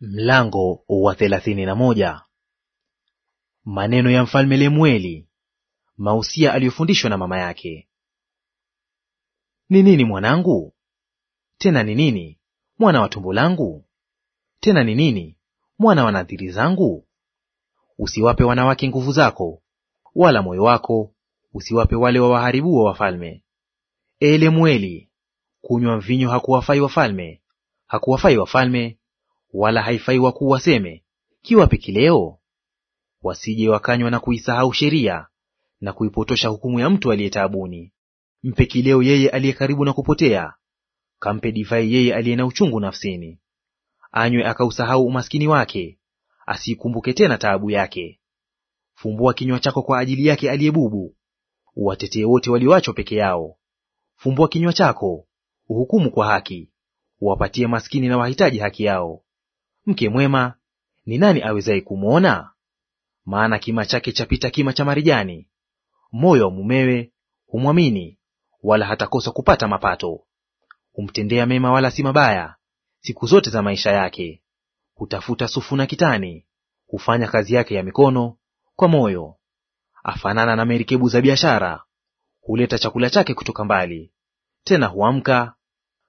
Mlango wa thelathini na moja. Maneno ya mfalme Lemueli, mausia aliyofundishwa na mama yake. Ni nini mwanangu? Tena ni nini mwana wa tumbo langu? Tena ni nini mwana wa nadhiri zangu? Usiwape wanawake nguvu zako, wala moyo wako usiwape wale waharibu wa wafalme. E Lemueli, kunywa mvinyo hakuwafai wafalme, hakuwafai wafalme wala haifai wakuu waseme, kiwape kileo, wasije wakanywa na kuisahau sheria na kuipotosha hukumu ya mtu aliyetaabuni Mpe kileo yeye aliye karibu na kupotea, kampe divai yeye aliye na uchungu nafsini. Anywe akausahau umaskini wake, asiikumbuke tena taabu yake. Fumbua kinywa chako kwa ajili yake aliye bubu, uwatetee wote walioachwa peke yao. Fumbua kinywa chako, uhukumu kwa haki, uwapatie maskini na wahitaji haki yao. Mke mwema ni nani awezaye kumwona? Maana kima chake chapita kima cha marijani. Moyo wa mumewe humwamini, wala hatakosa kupata mapato. Humtendea mema, wala si mabaya, siku zote za maisha yake. Hutafuta sufu na kitani, hufanya kazi yake ya mikono kwa moyo. Afanana na merikebu za biashara, huleta chakula chake kutoka mbali. Tena huamka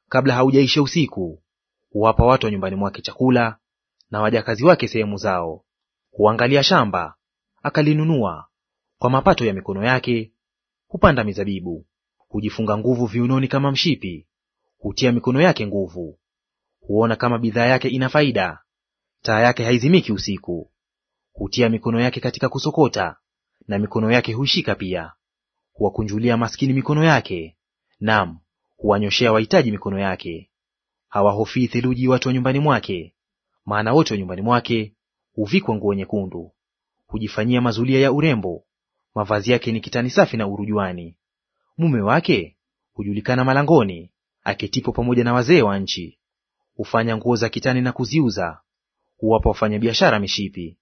kabla haujaisha usiku, huwapa watu wa nyumbani mwake chakula na wajakazi wake sehemu zao. Huangalia shamba akalinunua kwa mapato ya mikono yake, hupanda mizabibu, hujifunga nguvu viunoni kama mshipi, hutia mikono yake nguvu. Huona kama bidhaa yake ina faida, taa yake haizimiki usiku. Hutia mikono yake katika kusokota, na mikono yake huishika pia. Huwakunjulia maskini mikono yake, nam huwanyoshea wahitaji mikono yake. Hawahofii theluji watu wa nyumbani mwake, maana wote wa nyumbani mwake huvikwa nguo nyekundu. Hujifanyia mazulia ya urembo, mavazi yake ni kitani safi na urujuani. Mume wake hujulikana malangoni, aketipo pamoja na wazee wa nchi. Hufanya nguo za kitani na kuziuza, huwapa wafanyabiashara mishipi.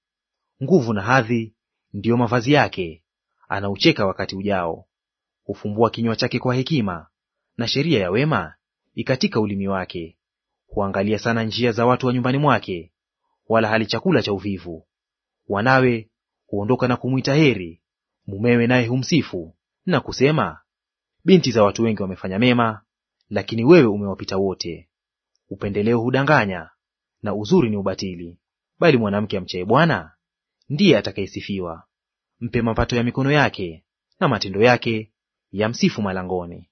Nguvu na hadhi ndiyo mavazi yake, anaucheka wakati ujao. Hufumbua kinywa chake kwa hekima, na sheria ya wema ikatika ulimi wake huangalia sana njia za watu wa nyumbani mwake, wala hali chakula cha uvivu. Wanawe huondoka na kumwita heri, mumewe naye humsifu na kusema, binti za watu wengi wamefanya mema, lakini wewe umewapita wote. Upendeleo hudanganya na uzuri ni ubatili, bali mwanamke amchaye Bwana ndiye atakayesifiwa. Mpe mapato ya mikono yake, na matendo yake yamsifu malangoni.